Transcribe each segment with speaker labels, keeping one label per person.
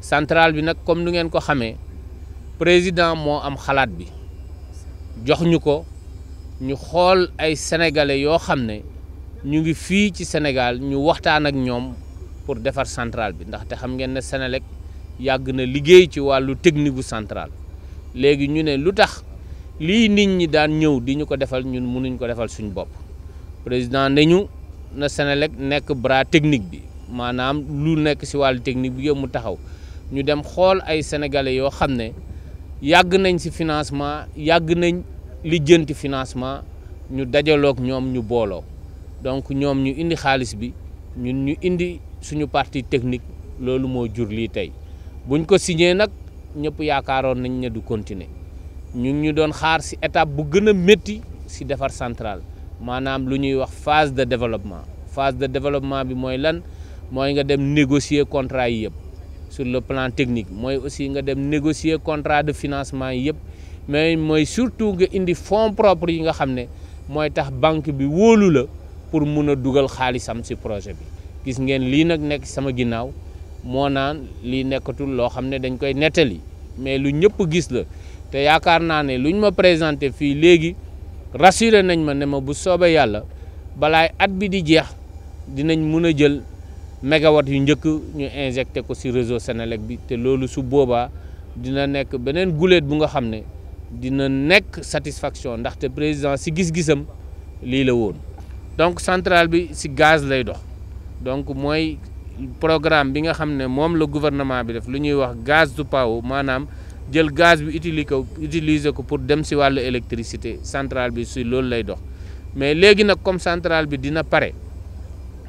Speaker 1: centrale bi nag comme nu ngeen ko xamee président moo am xalaat bi jox ñu ko ñu xool ay sénégalais yoo xam ne ñu ngi fii ci Sénégal ñu waxtaan ak ñoom pour defar centrale bi ndaxte xam ngeen ne Sénélec yàgg na liggéey ci wàllu technique gu centrale léegi ñu ne lu tax lii nit ñi daan ñëw di ñu ko defal ñun mënuñ ko defal suñu bopp président nañu na seneleg nekk bras technique bi maanaam lu nekk si wàllu technique bi yëpp mu taxaw ñu dem xool ay sénégalais yoo xam ne yàgg nañ si financement yàgg nañ lijjanti financement ñu dajaloog ñoom ñu booloo donc ñoom ñu indi xaalis bi ñun ñu indi suñu partie technique loolu moo jur lii tey buñ ko signé nag ñëpp yaakaaroon nañ ne du continuer ñu ñu doon xaar si étape bu gën a métti ci defar centrale maanaam lu ñuy wax phase de développement phase de développement bi mooy lan mooy nga dem négocier contrat yi yëpp. sur le plan technique mooy aussi nga dem négocier contrat de financement yëpp mais mooy surtout nga indi fonds propres yi nga xam ne mooy tax banque bi wóolu la pour mun a dugal xaalisam ci projet bi gis ngeen lii nag nekk sama ginnaaw moo naan lii nekkatul loo xam ne dañ koy nettali mais lu ñëpp gis la te yaakaar naa ne luñ ma présenté fii léegi rassuré nañ ma né ma bu soobee yalla balay at bi di jeex dinañ mëna jël mégawatt yu njëkk ñu injecté ko ci réseau Sénélec bi té loolu su dina nekk beneen gulet bu nga xam dina nekk satisfaction ndaxte président si gis-gisam lii la woon donc centrale bi si gaz lay dox donc mooy programme bi nga xam ne moom gouvernement bi def lu ñuy wax gaz du paw maanaam jël gaz bi utili ko utiliser ko pour dem ci wàllu électricité centrale bi si loolu lay dox mais léegi nag comme centrale bi dina pare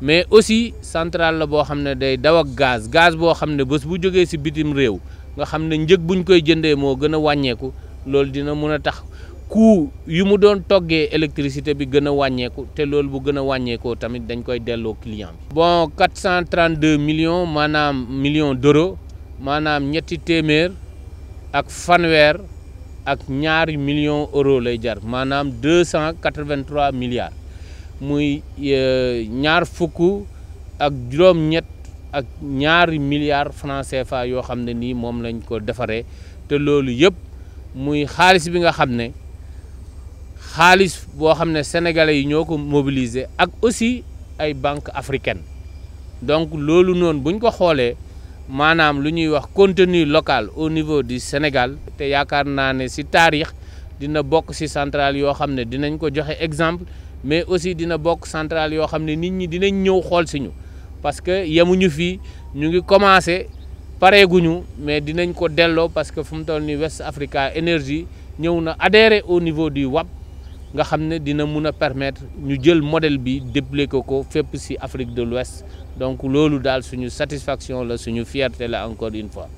Speaker 1: mais aussi centrale la boo xam ne day daw ak gaz gaz boo xam ne bés bu jógee si bitim réew nga xam ne njëg buñ koy jëndee moo gën a wàññeeku loolu dina mën a tax coût yu mu doon toggee électricité bi gën a wàññeeku te lool bu gën a wàññeekoo tamit dañ koy delloo client bi. bon 432 millions maanaam million d'euros maanaam ñetti téeméer ak fanweer ak ñaari million euros lay jar maanaam 283 milliards. muy e, ñaar fukk ak juróom-ñett ak ñaari milliards francs CFA yoo xam ne nii moom lañ ko defaree te loolu yëpp muy xaalis bi nga xam ne xaalis boo xam ne sénégalais yi ñoo ko mobiliser ak aussi ay banque africaine donc loolu noonu buñ ko xoolee maanaam lu ñuy wax contenu local au niveau di Sénégal te yaakaar naa ne si taarix dina bokk si centrale yoo xam ne dinañ ko joxe exemple mais aussi dina bokk centrale yo xamné nit ñi dinañ ñëw xol siñu parce que yamuñu fi ñu ngi paré guñu mais dinañ ko dello parce que fum mu toll West Africa Energy ñëw na adhéré au niveau du WAP nga xamné dina mëna permettre ñu jël modèle bi dépliquer ko fep ci Afrique de l'Ouest donc lolu dal suñu satisfaction la suñu fierté la encore une fois.